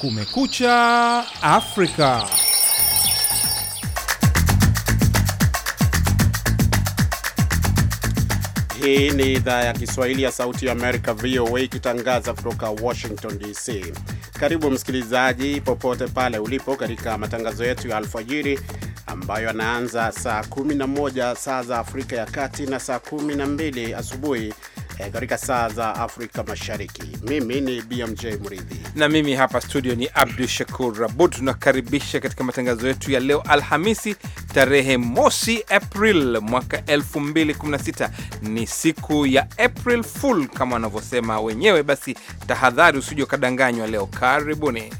Kumekucha Afrika. Hii ni idhaa ya Kiswahili ya Sauti ya Amerika, VOA, ikitangaza kutoka Washington DC. Karibu msikilizaji, popote pale ulipo, katika matangazo yetu ya alfajiri ambayo anaanza saa 11 saa za Afrika ya Kati na saa 12 asubuhi Eh, katika saa za Afrika Mashariki. Mimi ni BMJ Mridhi na mimi hapa studio ni Abdu Shakur Rabud. Tunakaribisha katika matangazo yetu ya leo Alhamisi, tarehe mosi April mwaka 2016. Ni siku ya April Fool kama wanavyosema wenyewe. Basi tahadhari, usije ukadanganywa leo. Karibuni.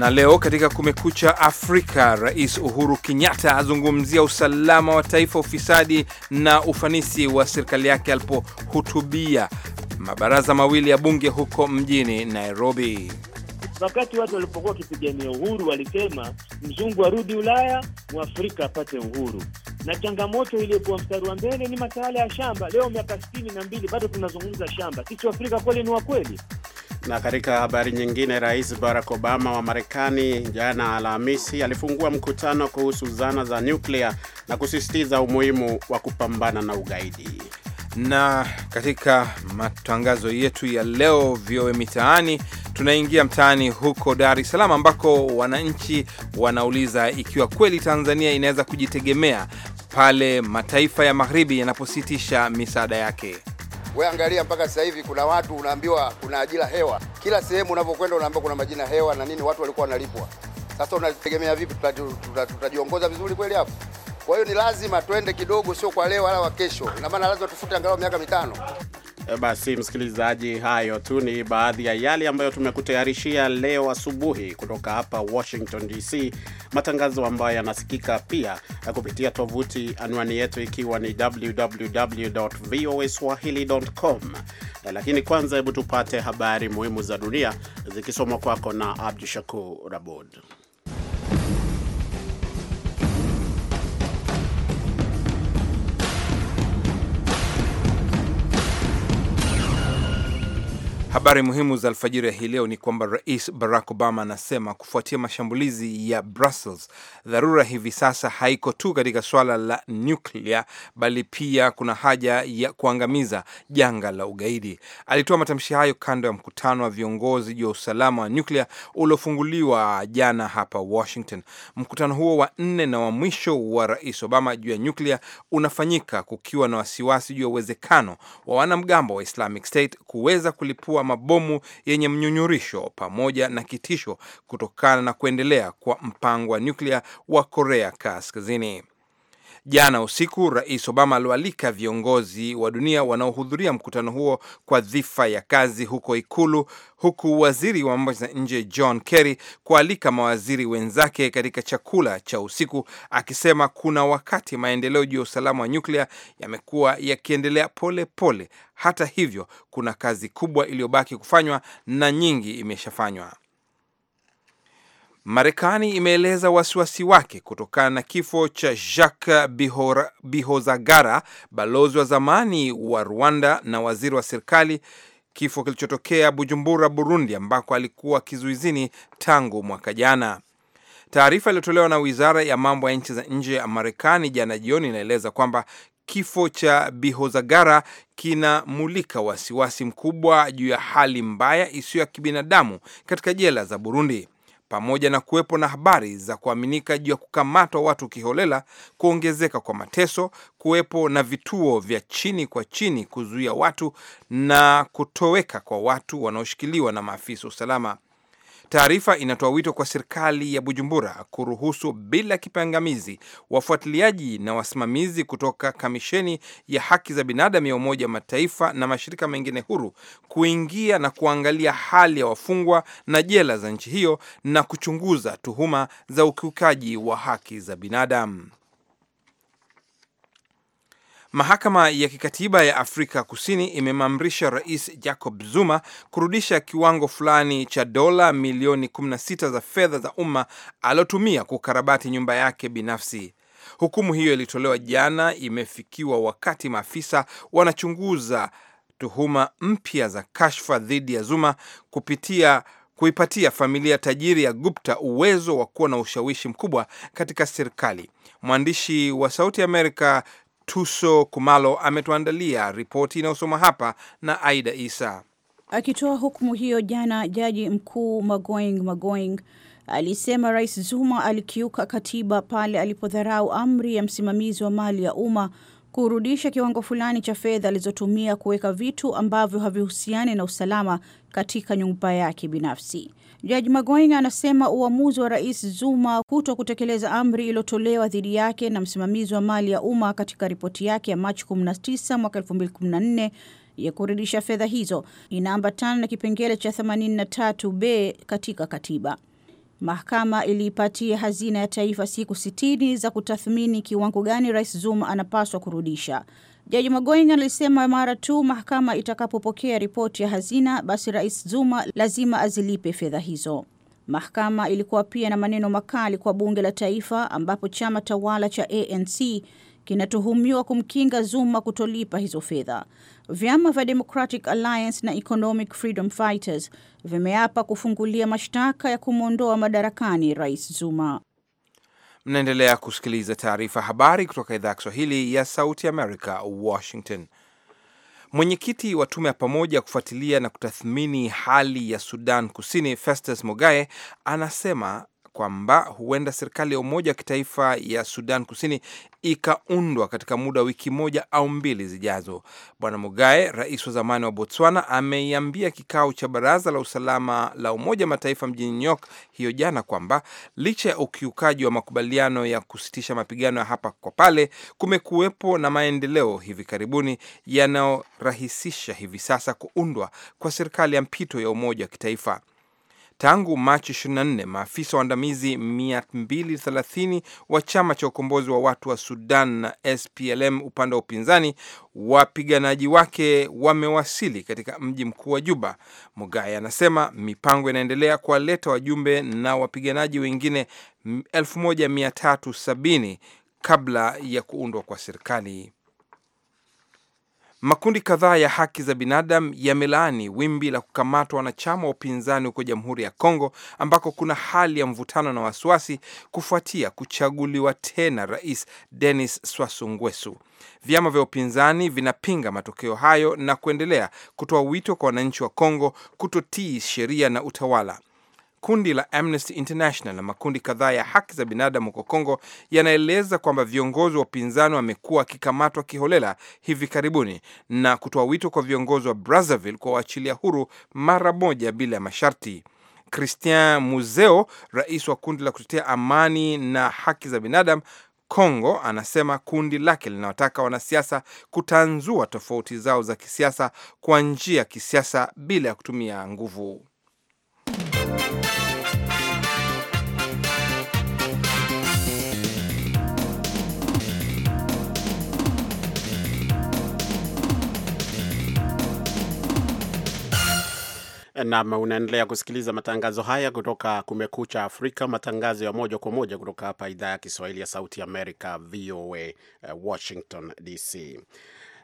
Na leo katika Kumekucha Afrika, Rais Uhuru Kenyatta azungumzia usalama wa taifa, ufisadi na ufanisi wa serikali yake alipohutubia mabaraza mawili ya bunge huko mjini Nairobi. Wakati watu walipokuwa wakipigania uhuru walisema mzungu arudi Ulaya, mwafrika apate uhuru na changamoto iliyokuwa mstari wa mbele ni masuala ya shamba. Leo miaka sitini na mbili bado tunazungumza shamba. Sisi Afrika kweli ni wakweli? Na katika habari nyingine, Rais Barack Obama wa Marekani jana Alhamisi alifungua mkutano kuhusu zana za nyuklia na kusisitiza umuhimu wa kupambana na ugaidi. Na katika matangazo yetu ya leo VOA Mitaani, tunaingia mtaani huko Dar es Salaam ambako wananchi wanauliza ikiwa kweli Tanzania inaweza kujitegemea pale mataifa ya magharibi yanapositisha misaada yake. We angalia mpaka sasa hivi kuna watu unaambiwa kuna ajira hewa, kila sehemu unavyokwenda unaambiwa kuna majina hewa na nini, watu walikuwa wanalipwa. Sasa unategemea vipi tutajiongoza vizuri kweli hapo? Kwa hiyo ni lazima twende kidogo, sio kwa leo wala wa kesho. Ina maana lazima tufute angalau miaka mitano. Eh, basi msikilizaji, hayo tu ni baadhi ya yale ambayo tumekutayarishia leo asubuhi kutoka hapa Washington DC, matangazo ambayo yanasikika pia eh, kupitia tovuti, anwani yetu ikiwa ni www voa www.voaswahili.com. Eh, lakini kwanza, hebu tupate habari muhimu za dunia zikisomwa kwako na Abdu Shakur Abud. Habari muhimu za alfajiri ya hii leo ni kwamba Rais Barack Obama anasema kufuatia mashambulizi ya Brussels, dharura hivi sasa haiko tu katika swala la nyuklia, bali pia kuna haja ya kuangamiza janga la ugaidi. Alitoa matamshi hayo kando ya mkutano wa viongozi juu ya usalama wa nyuklia uliofunguliwa jana hapa Washington. Mkutano huo wa nne na wa mwisho wa Rais Obama juu ya nyuklia unafanyika kukiwa na wasiwasi juu ya uwezekano wa wanamgambo wa Islamic State kuweza kulipua kuwa mabomu yenye mnyunyurisho pamoja na kitisho kutokana na kuendelea kwa mpango wa nyuklia wa Korea Kaskazini. Jana usiku Rais Obama aliwaalika viongozi wa dunia wanaohudhuria mkutano huo kwa dhifa ya kazi huko Ikulu, huku waziri wa mambo za nje John Kerry kualika mawaziri wenzake katika chakula cha usiku, akisema kuna wakati maendeleo juu ya usalama wa nyuklia yamekuwa yakiendelea pole pole. Hata hivyo, kuna kazi kubwa iliyobaki kufanywa na nyingi imeshafanywa. Marekani imeeleza wasiwasi wake kutokana na kifo cha Jacques Bihozagara, balozi wa zamani wa Rwanda na waziri wa serikali, kifo kilichotokea Bujumbura, Burundi, ambako alikuwa kizuizini tangu mwaka jana. Taarifa iliyotolewa na wizara ya mambo ya nchi za nje ya Marekani jana jioni inaeleza kwamba kifo cha Bihozagara kinamulika wasiwasi mkubwa juu ya hali mbaya isiyo ya kibinadamu katika jela za Burundi pamoja na kuwepo na habari za kuaminika juu ya kukamatwa watu kiholela, kuongezeka kwa mateso, kuwepo na vituo vya chini kwa chini kuzuia watu na kutoweka kwa watu wanaoshikiliwa na maafisa usalama. Taarifa inatoa wito kwa serikali ya Bujumbura kuruhusu bila kipangamizi wafuatiliaji na wasimamizi kutoka kamisheni ya haki za binadamu ya Umoja wa Mataifa na mashirika mengine huru kuingia na kuangalia hali ya wafungwa na jela za nchi hiyo na kuchunguza tuhuma za ukiukaji wa haki za binadamu. Mahakama ya Kikatiba ya Afrika Kusini imemamrisha Rais Jacob Zuma kurudisha kiwango fulani cha dola milioni 16 za fedha za umma aliotumia kukarabati nyumba yake binafsi. Hukumu hiyo ilitolewa jana, imefikiwa wakati maafisa wanachunguza tuhuma mpya za kashfa dhidi ya Zuma kupitia kuipatia familia tajiri ya Gupta uwezo wa kuwa na ushawishi mkubwa katika serikali. Mwandishi wa Sauti Amerika Tuso Kumalo ametuandalia ripoti inayosoma hapa na Aida Isa. Akitoa hukumu hiyo jana, jaji mkuu Magoing Magoing alisema Rais Zuma alikiuka katiba pale alipodharau amri ya msimamizi wa mali ya umma kurudisha kiwango fulani cha fedha alizotumia kuweka vitu ambavyo havihusiani na usalama katika nyumba yake binafsi. Jaji Magoinga anasema uamuzi wa Rais Zuma kuto kutekeleza amri iliyotolewa dhidi yake na msimamizi wa mali ya umma katika ripoti yake ya Machi 19 mwaka 2014 ya kurudisha fedha hizo inaambatana na kipengele cha 83b katika katiba. Mahakama iliipatia hazina ya taifa siku 6 za kutathmini kiwango gani Rais Zuma anapaswa kurudisha. Jaji Magoini alisema mara tu mahakama itakapopokea ripoti ya hazina, basi Rais Zuma lazima azilipe fedha hizo. Mahakama ilikuwa pia na maneno makali kwa bunge la taifa, ambapo chama tawala cha ANC kinatuhumiwa kumkinga Zuma kutolipa hizo fedha. Vyama vya Democratic Alliance na Economic Freedom Fighters vimeapa kufungulia mashtaka ya kumwondoa madarakani Rais Zuma. Mnaendelea kusikiliza taarifa habari kutoka idhaa ya Kiswahili ya Sauti Amerika, Washington. Mwenyekiti wa tume ya pamoja kufuatilia na kutathmini hali ya Sudan Kusini, Festus Mogae, anasema kwamba huenda serikali ya umoja wa kitaifa ya Sudan Kusini ikaundwa katika muda wa wiki moja au mbili zijazo. Bwana Mugae, rais wa zamani wa Botswana, ameiambia kikao cha baraza la usalama la Umoja Mataifa mjini New York hiyo jana kwamba licha ya ukiukaji wa makubaliano ya kusitisha mapigano ya hapa kwa pale, kumekuwepo na maendeleo hivi karibuni yanayorahisisha hivi sasa kuundwa kwa serikali ya mpito ya umoja wa kitaifa. Tangu Machi 24 maafisa waandamizi 230 wa chama cha ukombozi wa watu wa Sudan na SPLM upande wa upinzani, wapiganaji wake wamewasili katika mji mkuu wa Juba. Mugaya anasema mipango inaendelea kuwaleta wajumbe na wapiganaji wengine 1370 kabla ya kuundwa kwa serikali. Makundi kadhaa ya haki za binadamu yamelaani wimbi la kukamatwa wanachama wa upinzani huko Jamhuri ya Kongo ambako kuna hali ya mvutano na wasiwasi kufuatia kuchaguliwa tena Rais Denis Sassou Nguesso. Vyama vya upinzani vinapinga matokeo hayo na kuendelea kutoa wito kwa wananchi wa Kongo kutotii sheria na utawala. Kundi la Amnesty International na makundi kadhaa ya haki za binadamu huko Kongo yanaeleza kwamba viongozi wa upinzani wamekuwa wakikamatwa kiholela hivi karibuni na kutoa wito kwa viongozi wa Brazzaville kuwaachilia huru mara moja bila ya masharti. Christian Muzeo, rais wa kundi la kutetea amani na haki za binadamu Kongo, anasema kundi lake linawataka wanasiasa kutanzua tofauti zao za kisiasa kwa njia ya kisiasa bila ya kutumia nguvu. Nam, unaendelea kusikiliza matangazo haya kutoka Kumekucha Afrika, matangazo ya moja kwa moja kutoka hapa idhaa ya Kiswahili ya Sauti Amerika, VOA, eh, Washington DC.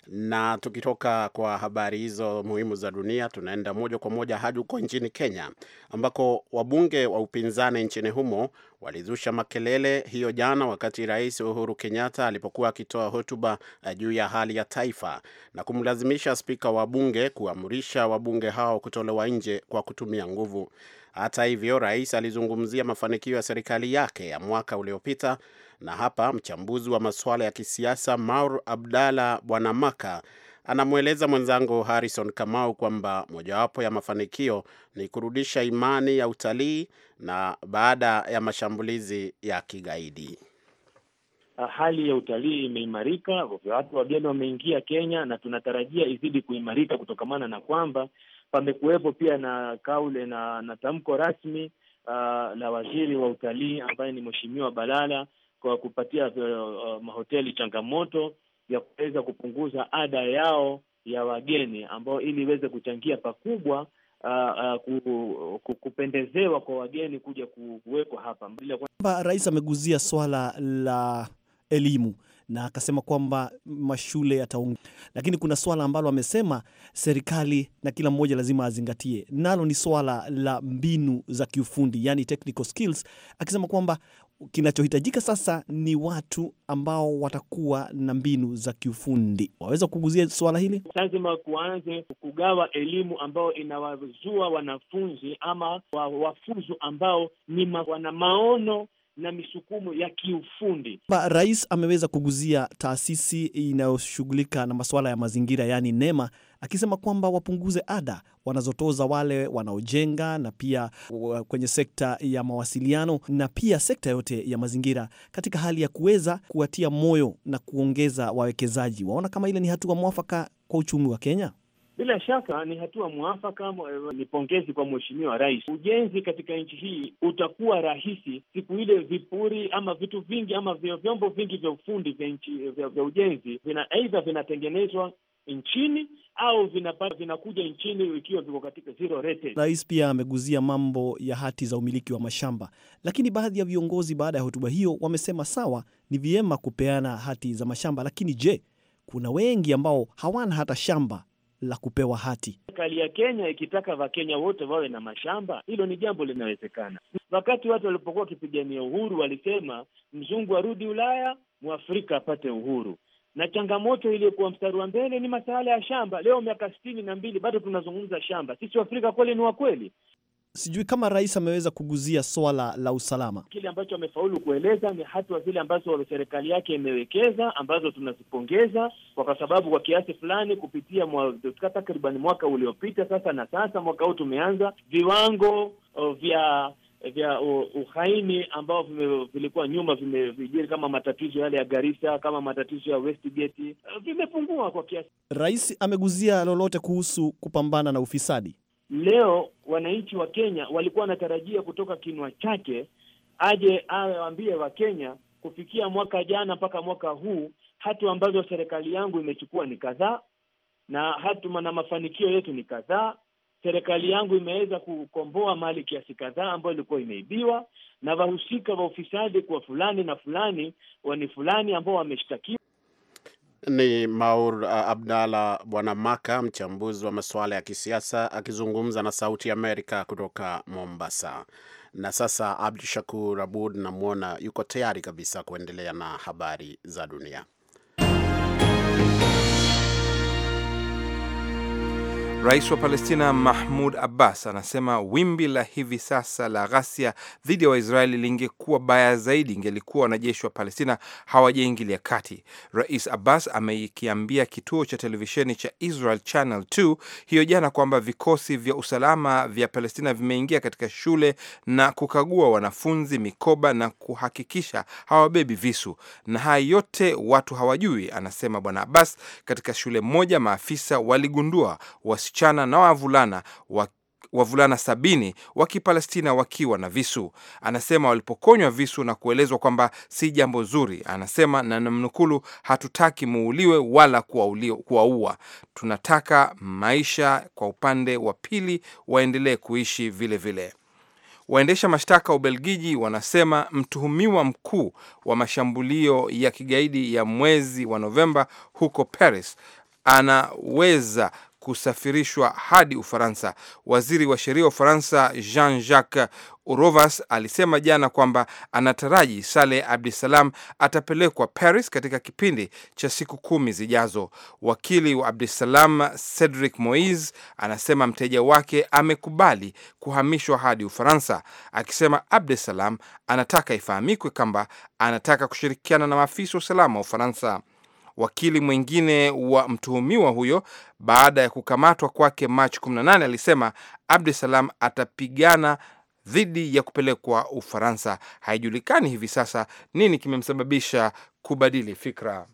Na tukitoka kwa habari hizo muhimu za dunia, tunaenda moja kwa moja hadi huko nchini Kenya ambako wabunge wa upinzani nchini humo walizusha makelele hiyo jana wakati Rais Uhuru Kenyatta alipokuwa akitoa hotuba eh, juu ya hali ya taifa na kumlazimisha spika wa bunge kuamrisha wabunge hao kutolewa nje kwa kutumia nguvu. Hata hivyo, rais alizungumzia mafanikio ya serikali yake ya mwaka uliopita na hapa mchambuzi wa masuala ya kisiasa Maur Abdalla Bwanamaka anamweleza mwenzangu Harrison Kamau kwamba mojawapo ya mafanikio ni kurudisha imani ya utalii na baada ya mashambulizi ya kigaidi ah, hali ya utalii imeimarika, watu wageni wameingia Kenya na tunatarajia izidi kuimarika kutokamana na kwamba pamekuwepo pia na kaule na, na tamko rasmi uh, la waziri wa utalii ambaye ni Mheshimiwa Balala kwa kupatia uh, uh, mahoteli changamoto ya kuweza kupunguza ada yao ya wageni ambao ili iweze kuchangia pakubwa Uh, uh, kupendezewa kwa wageni kuja kuwekwa hapa. Kwamba rais ameguzia swala la elimu na akasema kwamba mashule yataunga, lakini kuna swala ambalo amesema serikali na kila mmoja lazima azingatie, nalo ni swala la mbinu za kiufundi, yani technical skills, akisema kwamba kinachohitajika sasa ni watu ambao watakuwa na mbinu za kiufundi. Waweza kuguzia suala hili? Lazima kuanze kugawa elimu ambayo inawazua wanafunzi ama wafuzu ambao ni ma, wana maono na misukumo ya kiufundi. Rais ameweza kuguzia taasisi inayoshughulika na masuala ya mazingira, yaani NEMA, akisema kwamba wapunguze ada wanazotoza wale wanaojenga na pia kwenye sekta ya mawasiliano na pia sekta yote ya mazingira, katika hali ya kuweza kuwatia moyo na kuongeza wawekezaji. Waona kama ile ni hatua mwafaka kwa uchumi wa Kenya? Bila shaka ni hatua mwafaka, ni pongezi kwa mheshimiwa rais. Ujenzi katika nchi hii utakuwa rahisi siku ile vipuri ama vitu vingi ama vyombo vingi vya ufundi vya nchi vya ujenzi vina aidha vinatengenezwa nchini au vinapata vinakuja nchini ikiwa viko katika zero Rais pia ameguzia mambo ya hati za umiliki wa mashamba, lakini baadhi ya viongozi baada ya hotuba hiyo wamesema sawa, ni vyema kupeana hati za mashamba, lakini je, kuna wengi ambao hawana hata shamba la kupewa hati. Serikali ya Kenya ikitaka Wakenya wote wawe na mashamba, hilo ni jambo linawezekana. Wakati watu walipokuwa wakipigania uhuru, walisema mzungu arudi Ulaya, mwafrika apate uhuru na changamoto iliyokuwa mstari wa mbele ni masuala ya shamba. Leo miaka sitini na mbili bado tunazungumza shamba. Sisi Waafrika kweli ni wakweli? Sijui kama rais ameweza kuguzia swala la usalama. Kile ambacho amefaulu kueleza ni hatua zile ambazo serikali yake imewekeza ambazo tunazipongeza, kwa sababu kwa kiasi fulani kupitia takriban mwaka uliopita sasa na sasa mwaka huu tumeanza viwango o, vya vya uhaini ambao vilikuwa nyuma vimevijiri kama matatizo yale ya Garissa, kama matatizo ya Westgate vimepungua kwa kiasi. Rais ameguzia lolote kuhusu kupambana na ufisadi? Leo wananchi wa Kenya walikuwa wanatarajia kutoka kinwa chake aje awaambie Wakenya kufikia mwaka jana mpaka mwaka huu, hatua ambazo serikali yangu imechukua ni kadhaa na hatima na mafanikio yetu ni kadhaa. Serikali yangu imeweza kukomboa mali kiasi kadhaa ambayo ilikuwa imeibiwa, na wahusika wa ufisadi kwa fulani na fulani ni fulani ambao wameshtakiwa. Ni Maur uh, Abdalla Bwanamaka, mchambuzi wa masuala ya kisiasa akizungumza na Sauti Amerika kutoka Mombasa. Na sasa Abdu Shakur Abud namwona yuko tayari kabisa kuendelea na habari za dunia. Rais wa Palestina Mahmud Abbas anasema wimbi la hivi sasa la ghasia dhidi ya Waisraeli lingekuwa baya zaidi ingelikuwa wanajeshi wa Palestina hawajaingilia kati. Rais Abbas amekiambia kituo cha televisheni cha Israel Channel 2 hiyo jana kwamba vikosi vya usalama vya Palestina vimeingia katika shule na kukagua wanafunzi mikoba na kuhakikisha hawabebi visu, na haya yote watu hawajui, anasema Bwana Abbas. Katika shule moja maafisa waligundua wasi wasichana na wavulana wa wavulana sabini wa Kipalestina wakiwa na visu. Anasema walipokonywa visu na kuelezwa kwamba si jambo zuri, anasema na namnukulu, hatutaki muuliwe wala kuwaua, tunataka maisha kwa upande wa pili waendelee kuishi vilevile vile. Waendesha mashtaka wa Ubelgiji wanasema mtuhumiwa mkuu wa mashambulio ya kigaidi ya mwezi wa Novemba huko Paris anaweza kusafirishwa hadi Ufaransa. Waziri wa sheria wa Ufaransa Jean-Jacques Urovas alisema jana kwamba anataraji Saleh Abdusalam atapelekwa Paris katika kipindi cha siku kumi zijazo. Wakili wa Abdusalam Cedric Moise anasema mteja wake amekubali kuhamishwa hadi Ufaransa, akisema Abdusalam anataka ifahamikwe kwamba anataka kushirikiana na maafisa wa usalama wa Ufaransa. Wakili mwingine wa mtuhumiwa huyo baada ya kukamatwa kwake Machi 18 alisema Abdusalam atapigana dhidi ya kupelekwa Ufaransa. Haijulikani hivi sasa nini kimemsababisha kubadili fikra.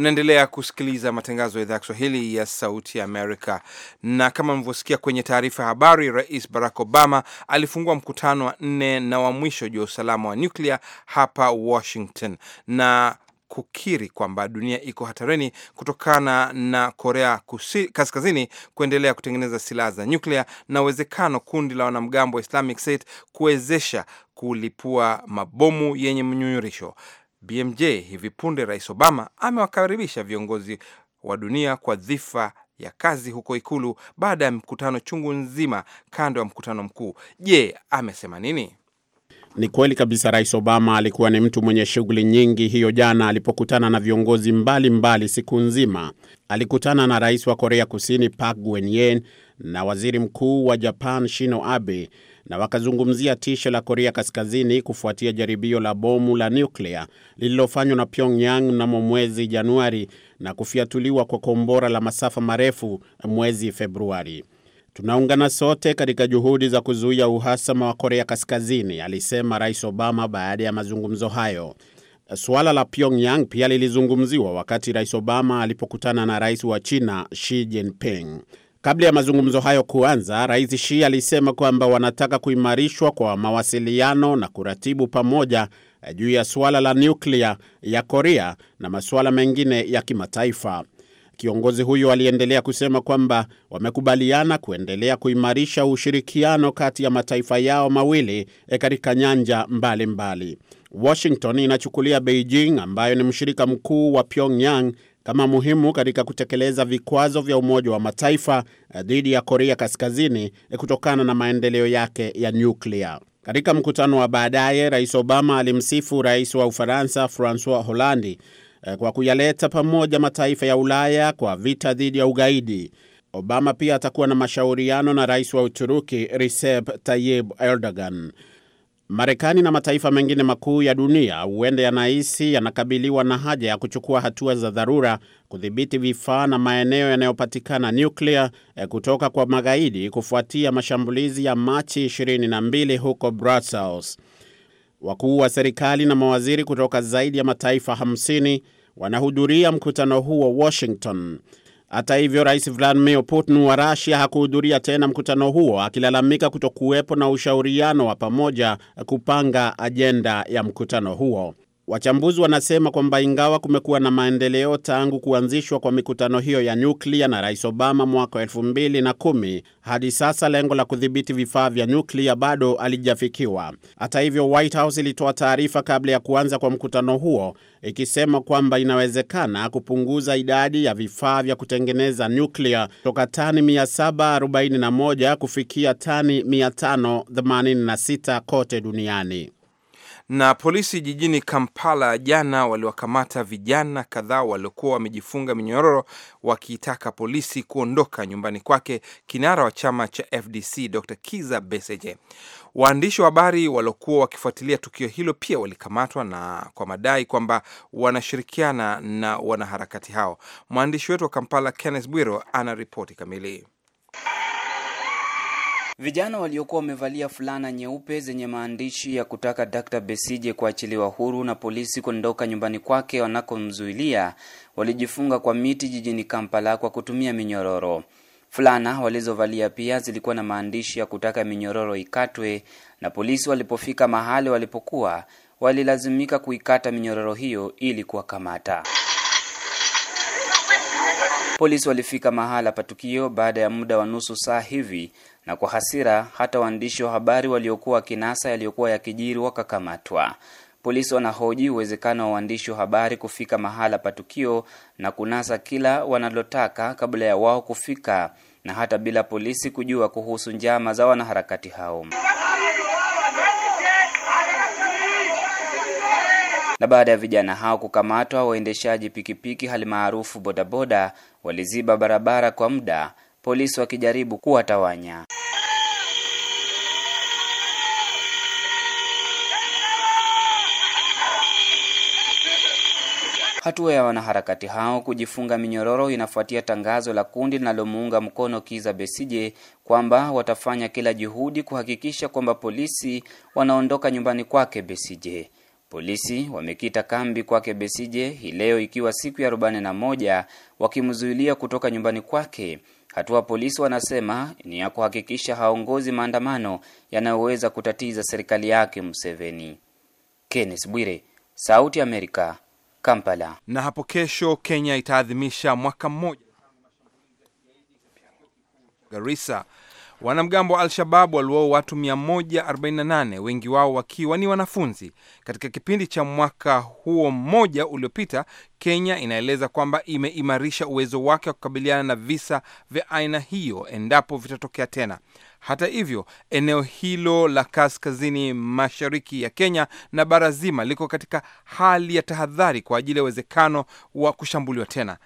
Mnaendelea kusikiliza matangazo ya idhaa ya Kiswahili ya Sauti ya Amerika, na kama mlivyosikia kwenye taarifa ya habari, Rais Barack Obama alifungua mkutano wa nne na wa mwisho juu ya usalama wa nyuklia hapa Washington na kukiri kwamba dunia iko hatarini kutokana na Korea kusi, Kaskazini kuendelea kutengeneza silaha za nyuklia na uwezekano kundi la wanamgambo wa Islamic State kuwezesha kulipua mabomu yenye mnyunyurisho. BMJ hivi punde Rais Obama amewakaribisha viongozi wa dunia kwa dhifa ya kazi huko Ikulu baada ya mkutano chungu nzima kando ya mkutano mkuu. Je, amesema nini? Ni kweli kabisa, Rais Obama alikuwa ni mtu mwenye shughuli nyingi hiyo jana alipokutana na viongozi mbalimbali mbali siku nzima. Alikutana na rais wa Korea Kusini Park Geun-hye na waziri mkuu wa Japan Shinzo Abe na wakazungumzia tisho la Korea Kaskazini kufuatia jaribio la bomu la nyuklia lililofanywa na Pyongyang mnamo mwezi Januari na kufiatuliwa kwa kombora la masafa marefu mwezi Februari. Tunaungana sote katika juhudi za kuzuia uhasama wa Korea Kaskazini, alisema Rais Obama baada ya mazungumzo hayo. Suala la Pyongyang pia lilizungumziwa wakati Rais Obama alipokutana na rais wa China Xi Jinping. Kabla ya mazungumzo hayo kuanza, Rais shi alisema kwamba wanataka kuimarishwa kwa mawasiliano na kuratibu pamoja eh, juu ya suala la nyuklia ya Korea na masuala mengine ya kimataifa. Kiongozi huyo aliendelea kusema kwamba wamekubaliana kuendelea kuimarisha ushirikiano kati ya mataifa yao mawili eh, katika nyanja mbalimbali mbali. Washington inachukulia Beijing ambayo ni mshirika mkuu wa Pyongyang kama muhimu katika kutekeleza vikwazo vya Umoja wa Mataifa eh, dhidi ya Korea Kaskazini eh, kutokana na maendeleo yake ya nyuklia. Katika mkutano wa baadaye, Rais Obama alimsifu Rais wa Ufaransa Francois Hollande eh, kwa kuyaleta pamoja mataifa ya Ulaya kwa vita dhidi ya ugaidi. Obama pia atakuwa na mashauriano na rais wa Uturuki Recep Tayyip Erdogan. Marekani na mataifa mengine makuu ya dunia huenda yanahisi yanakabiliwa na haja ya kuchukua hatua za dharura kudhibiti vifaa na maeneo yanayopatikana nyuklia eh, kutoka kwa magaidi kufuatia mashambulizi ya Machi 22 huko Brussels. Wakuu wa serikali na mawaziri kutoka zaidi ya mataifa 50 wanahudhuria mkutano huo Washington. Hata hivyo, rais Vladimir Putin wa Russia hakuhudhuria tena mkutano huo, akilalamika kutokuwepo na ushauriano wa pamoja kupanga ajenda ya mkutano huo. Wachambuzi wanasema kwamba ingawa kumekuwa na maendeleo tangu kuanzishwa kwa mikutano hiyo ya nyuklia na Rais Obama mwaka wa elfu mbili na kumi, hadi sasa lengo la kudhibiti vifaa vya nyuklia bado halijafikiwa. Hata hivyo, White House ilitoa taarifa kabla ya kuanza kwa mkutano huo ikisema kwamba inawezekana kupunguza idadi ya vifaa vya kutengeneza nyuklia toka tani 741 kufikia tani 586 kote duniani. Na polisi jijini Kampala jana waliwakamata vijana kadhaa waliokuwa wamejifunga minyororo wakitaka polisi kuondoka nyumbani kwake kinara wa chama cha FDC Dr. Kiza Besigye. Waandishi wa habari waliokuwa wakifuatilia tukio hilo pia walikamatwa na kwa madai kwamba wanashirikiana na wanaharakati hao. Mwandishi wetu wa Kampala Kenneth Bwiro ana ripoti kamili. Vijana waliokuwa wamevalia fulana nyeupe zenye maandishi ya kutaka Dr. Besije kuachiliwa huru na polisi kuondoka nyumbani kwake wanakomzuilia walijifunga kwa miti jijini Kampala kwa kutumia minyororo. Fulana walizovalia pia zilikuwa na maandishi ya kutaka minyororo ikatwe, na polisi walipofika mahali walipokuwa walilazimika kuikata minyororo hiyo ili kuwakamata. Polisi walifika mahala pa tukio baada ya muda wa nusu saa hivi na kwa hasira hata waandishi wa habari waliokuwa wakinasa yaliyokuwa yakijiri wakakamatwa. Polisi wanahoji uwezekano wa waandishi wa habari kufika mahala pa tukio na kunasa kila wanalotaka kabla ya wao kufika na hata bila polisi kujua kuhusu njama za wanaharakati hao. Na baada ya vijana hao kukamatwa, waendeshaji pikipiki hali maarufu bodaboda waliziba barabara kwa muda polisi wakijaribu kuwatawanya. Hatua ya wanaharakati hao kujifunga minyororo inafuatia tangazo la kundi linalomuunga mkono Kiza Besije kwamba watafanya kila juhudi kuhakikisha kwamba polisi wanaondoka nyumbani kwake Besije. Polisi wamekita kambi kwake Besije hii leo ikiwa siku ya 41 wakimzuilia kutoka nyumbani kwake Hatua polisi wanasema ni ya kuhakikisha haongozi maandamano yanayoweza kutatiza serikali yake Museveni. Kenneth Bwire, Sauti ya Amerika, Kampala. Na hapo kesho Kenya itaadhimisha mwaka mmoja Garissa Wanamgambo wa al shabab waliwaua watu 148 wengi wao wakiwa ni wanafunzi katika kipindi cha mwaka huo mmoja uliopita. Kenya inaeleza kwamba imeimarisha uwezo wake wa kukabiliana na visa vya aina hiyo endapo vitatokea tena. Hata hivyo, eneo hilo la kaskazini mashariki ya Kenya na bara zima liko katika hali ya tahadhari kwa ajili ya uwezekano wa kushambuliwa tena,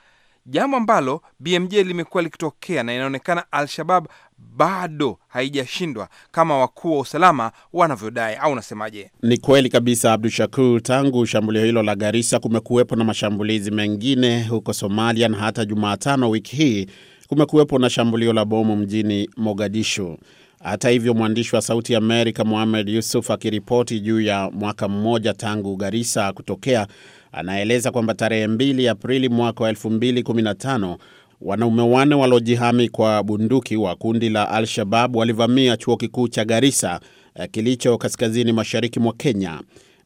jambo ambalo BMJ limekuwa likitokea na inaonekana Al-Shabab bado haijashindwa kama wakuu wa usalama wanavyodai, au unasemaje? Ni kweli kabisa, Abdu Shakur. Tangu shambulio hilo la Garissa kumekuwepo na mashambulizi mengine huko Somalia, na hata Jumatano wiki hii kumekuwepo na shambulio la bomu mjini Mogadishu. Hata hivyo, mwandishi wa Sauti ya Amerika muhamed Yusuf akiripoti juu ya mwaka mmoja tangu Garissa kutokea, anaeleza kwamba tarehe 2 Aprili mwaka wa 2015 Wanaume wane waliojihami kwa bunduki wa kundi la Al-Shabab walivamia chuo kikuu cha Garisa eh, kilicho kaskazini mashariki mwa Kenya.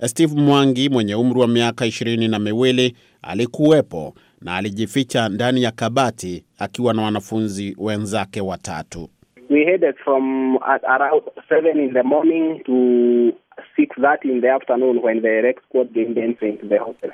Steve Mwangi mwenye umri wa miaka ishirini na miwili alikuwepo na alijificha ndani ya kabati akiwa na wanafunzi wenzake watatu. We headed from around in the morning to in the afternoon when the squad to the hotel.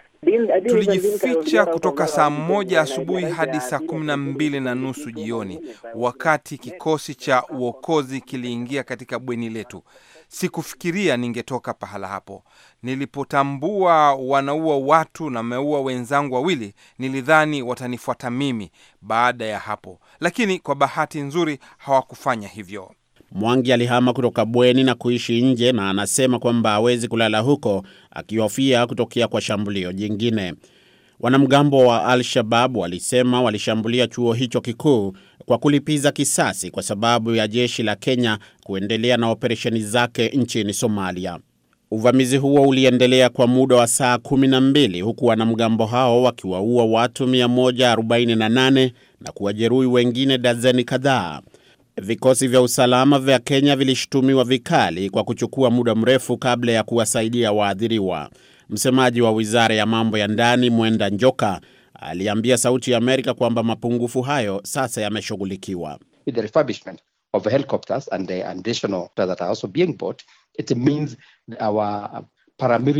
Tulijificha kutoka saa moja asubuhi hadi saa kumi na mbili na nusu jioni, wakati kikosi cha uokozi kiliingia katika bweni letu. Sikufikiria ningetoka pahala hapo. Nilipotambua wanaua watu na wameua wenzangu wawili, nilidhani watanifuata mimi baada ya hapo, lakini kwa bahati nzuri hawakufanya hivyo. Mwangi alihama kutoka bweni na kuishi nje na anasema kwamba hawezi kulala huko akihofia kutokea kwa shambulio jingine. Wanamgambo wa Al-Shabab walisema walishambulia chuo hicho kikuu kwa kulipiza kisasi kwa sababu ya jeshi la Kenya kuendelea na operesheni zake nchini Somalia. Uvamizi huo uliendelea kwa muda wa saa 12 huku wanamgambo hao wakiwaua watu 148 na kuwajeruhi wengine dazeni kadhaa. Vikosi vya usalama vya Kenya vilishutumiwa vikali kwa kuchukua muda mrefu kabla ya kuwasaidia waadhiriwa. Msemaji wa wizara ya mambo ya ndani Mwenda Njoka aliambia Sauti ya Amerika kwamba mapungufu hayo sasa yameshughulikiwa. Of helicopters and the additional that are also being bought, it means our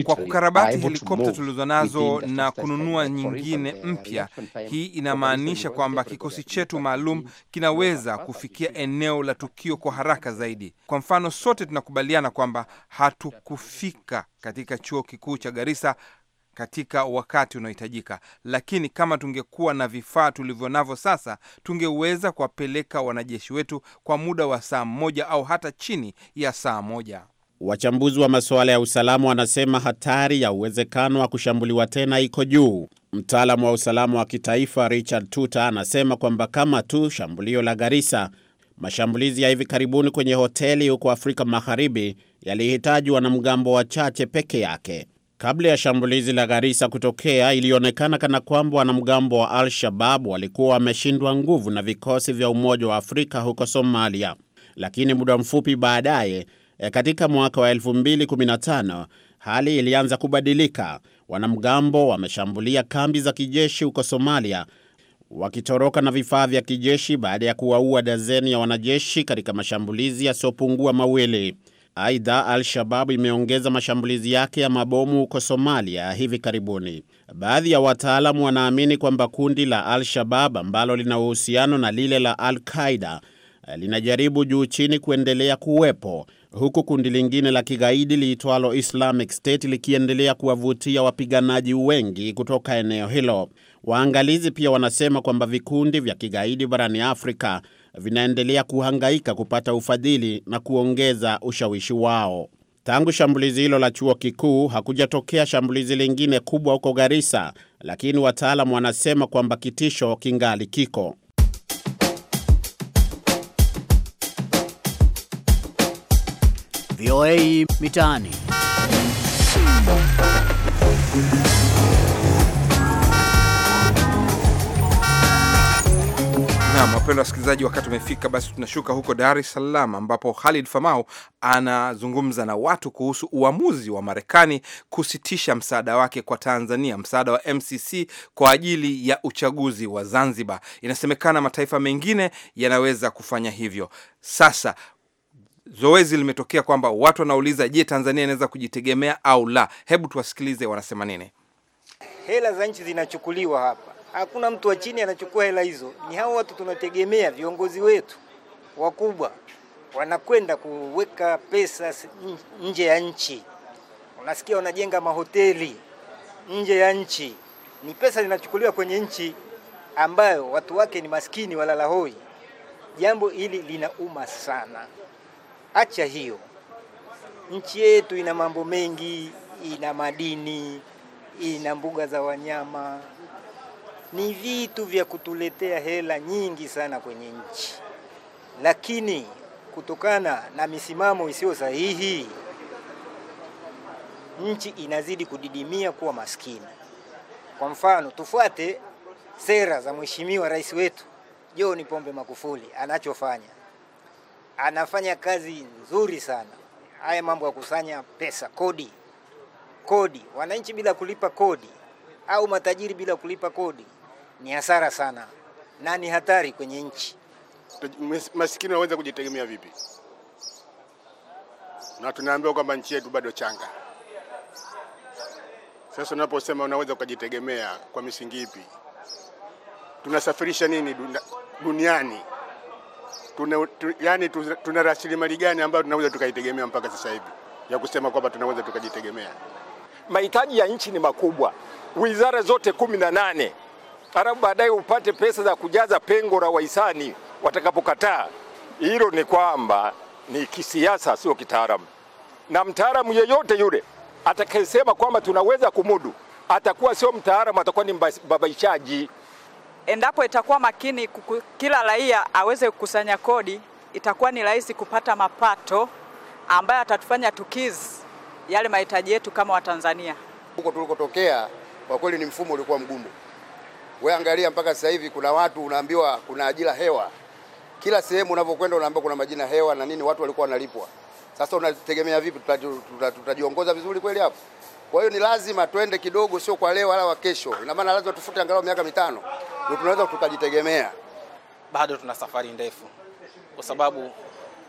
kwa kukarabati helikopta tulizo nazo na kununua nyingine mpya. Hii inamaanisha kwamba kikosi chetu maalum kinaweza kufikia eneo la tukio kwa haraka zaidi. Kwa mfano, sote tunakubaliana kwamba hatukufika katika chuo kikuu cha Garissa katika wakati unaohitajika, lakini kama tungekuwa na vifaa tulivyo navyo sasa, tungeweza kuwapeleka wanajeshi wetu kwa muda wa saa moja au hata chini ya saa moja. Wachambuzi wa masuala ya usalama wanasema hatari ya uwezekano wa kushambuliwa tena iko juu. Mtaalamu wa usalama wa kitaifa Richard Tuta anasema kwamba kama tu shambulio la Garissa, mashambulizi ya hivi karibuni kwenye hoteli huko Afrika Magharibi yalihitaji wanamgambo wachache peke yake. Kabla ya shambulizi la Garissa kutokea, ilionekana kana kwamba wanamgambo wa Al-Shabab walikuwa wameshindwa nguvu na vikosi vya Umoja wa Afrika huko Somalia, lakini muda mfupi baadaye Eh, katika mwaka wa 2015 hali ilianza kubadilika. Wanamgambo wameshambulia kambi za kijeshi huko Somalia wakitoroka na vifaa vya kijeshi baada ya kuwaua dazeni ya wanajeshi katika mashambulizi yasiyopungua mawili. Aidha, Al-Shababu imeongeza mashambulizi yake ya mabomu huko Somalia hivi karibuni. Baadhi ya wataalamu wanaamini kwamba kundi la Al-Shabab ambalo lina uhusiano na lile la Al-Qaida eh, linajaribu juu chini kuendelea kuwepo huku kundi lingine la kigaidi liitwalo Islamic State likiendelea kuwavutia wapiganaji wengi kutoka eneo hilo. Waangalizi pia wanasema kwamba vikundi vya kigaidi barani Afrika vinaendelea kuhangaika kupata ufadhili na kuongeza ushawishi wao. Tangu shambulizi hilo la chuo kikuu hakujatokea shambulizi lingine kubwa huko Garissa, lakini wataalamu wanasema kwamba kitisho kingali kiko. VOA Mitaani. Naam, wapendwa wasikilizaji, wakati umefika basi tunashuka huko Dar es Salaam ambapo Khalid Famau anazungumza na watu kuhusu uamuzi wa Marekani kusitisha msaada wake kwa Tanzania, msaada wa MCC kwa ajili ya uchaguzi wa Zanzibar. Inasemekana mataifa mengine yanaweza kufanya hivyo. Sasa zoezi limetokea kwamba watu wanauliza, je, Tanzania inaweza kujitegemea au la? Hebu tuwasikilize wanasema nini. Hela za nchi zinachukuliwa hapa, hakuna mtu wa chini anachukua hela hizo, ni hao watu tunategemea viongozi wetu wakubwa wanakwenda kuweka pesa nje ya nchi. Unasikia wanajenga mahoteli nje ya nchi, ni pesa zinachukuliwa kwenye nchi ambayo watu wake ni maskini, walala hoi. Jambo hili linauma sana. Acha hiyo, nchi yetu ina mambo mengi, ina madini, ina mbuga za wanyama, ni vitu vya kutuletea hela nyingi sana kwenye nchi, lakini kutokana na misimamo isiyo sahihi, nchi inazidi kudidimia kuwa maskini. Kwa mfano, tufuate sera za Mheshimiwa Rais wetu John Pombe Magufuli anachofanya anafanya kazi nzuri sana. Haya mambo ya kusanya pesa, kodi, kodi, wananchi bila kulipa kodi au matajiri bila kulipa kodi ni hasara sana na ni hatari kwenye nchi. Masikini wanaweza kujitegemea vipi? Na tunaambiwa kwamba nchi yetu bado changa. Sasa unaposema unaweza ukajitegemea kwa misingi ipi? Tunasafirisha nini duniani? tuna, tu, yani tuna rasilimali gani ambayo tunaweza tukaitegemea mpaka sasa hivi ya kusema kwamba tunaweza tukajitegemea. Mahitaji ya nchi ni makubwa, wizara zote kumi na nane halafu baadaye upate pesa za kujaza pengo la wahisani watakapokataa. Hilo ni kwamba ni kisiasa, sio kitaalamu, na mtaalamu yeyote yule atakayesema kwamba tunaweza kumudu atakuwa sio mtaalamu, atakuwa ni mbabaishaji endapo itakuwa makini kuku, kila raia aweze kukusanya kodi, itakuwa ni rahisi kupata mapato ambayo atatufanya tukizi yale mahitaji yetu kama Watanzania. Huko tulikotokea kwa kweli ni mfumo ulikuwa mgumu. We angalia mpaka sasa hivi kuna watu unaambiwa kuna ajira hewa, kila sehemu unavyokwenda unaambiwa kuna majina hewa na nini, watu walikuwa wanalipwa. Sasa unategemea vipi? Tutajiongoza vizuri kweli hapo? Kwa hiyo ni lazima twende kidogo, sio kwa leo wala kesho. Ina maana lazima tufute angalau miaka mitano ndio tunaweza tukajitegemea. Bado tuna safari ndefu, kwa sababu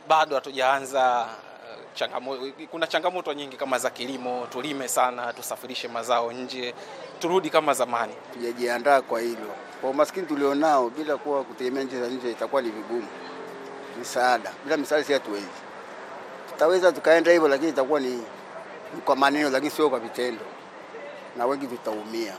bado hatujaanza uh, changamoto. Kuna changamoto nyingi kama za kilimo, tulime sana, tusafirishe mazao nje, turudi kama zamani. Tujajiandaa kwa hilo, kwa umaskini tulionao, bila kuwa kutegemea nje za nje itakuwa ni vigumu. Misaada, bila misaada si hatuwezi, tutaweza tukaenda hivyo, lakini itakuwa ni kwa maneno, lakini sio kwa vitendo, na wengi tutaumia,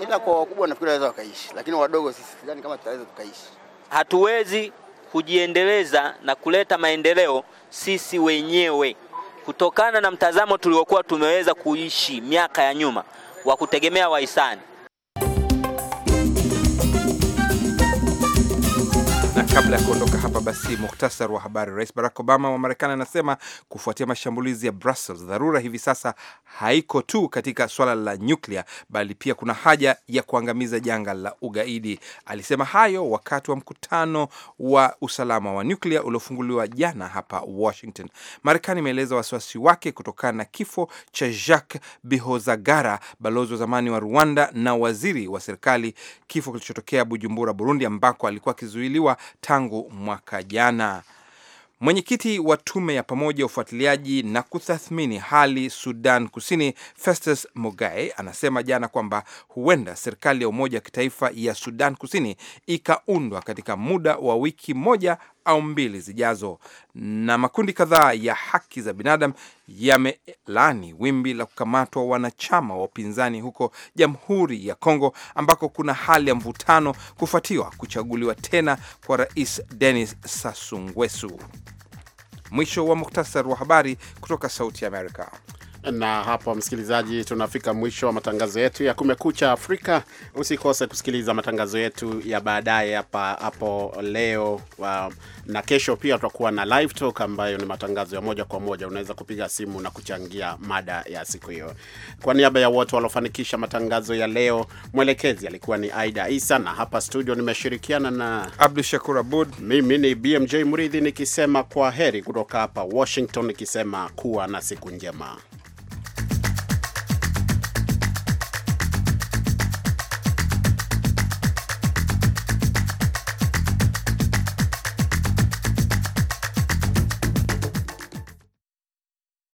ila kwa wakubwa nafikiri waweza wakaishi, lakini wadogo sisi sidhani kama tutaweza tukaishi. Hatuwezi kujiendeleza na kuleta maendeleo sisi wenyewe kutokana na mtazamo tuliokuwa tumeweza kuishi miaka ya nyuma wa kutegemea wahisani. Kabla ya kuondoka hapa, basi muktasar wa habari. Rais Barack Obama wa Marekani anasema kufuatia mashambulizi ya Brussels, dharura hivi sasa haiko tu katika swala la nyuklia, bali pia kuna haja ya kuangamiza janga la ugaidi. Alisema hayo wakati wa mkutano wa usalama wa nyuklia uliofunguliwa jana hapa Washington. Marekani imeeleza wasiwasi wake kutokana na kifo cha Jacques Bihozagara, balozi wa zamani wa Rwanda na waziri wa serikali, kifo kilichotokea Bujumbura, Burundi, ambako alikuwa akizuiliwa tangu mwaka jana. Mwenyekiti wa tume ya pamoja ufuatiliaji na kutathmini hali Sudan Kusini, Festus Mogae, anasema jana kwamba huenda serikali ya umoja wa kitaifa ya Sudan Kusini ikaundwa katika muda wa wiki moja au mbili zijazo. Na makundi kadhaa ya haki za binadamu yamelaani wimbi la kukamatwa wanachama wa upinzani huko Jamhuri ya Kongo ambako kuna hali ya mvutano kufuatiwa kuchaguliwa tena kwa Rais Denis Sassou Nguesso. Mwisho wa muktasar wa habari kutoka Sauti ya Amerika. Na hapa msikilizaji, tunafika mwisho wa matangazo yetu ya Kumekucha Afrika. Usikose kusikiliza matangazo yetu ya baadaye hapa hapo leo wa, na kesho pia tutakuwa na live talk ambayo ni matangazo ya moja kwa moja. Unaweza kupiga simu na kuchangia mada ya siku hiyo. Kwa niaba ya wote waliofanikisha matangazo ya leo, mwelekezi alikuwa ni Aida Isa na hapa studio nimeshirikiana na Abdu Shakur Abud. Mimi ni BMJ Mridhi nikisema kwa heri kutoka hapa Washington, nikisema kuwa na siku njema.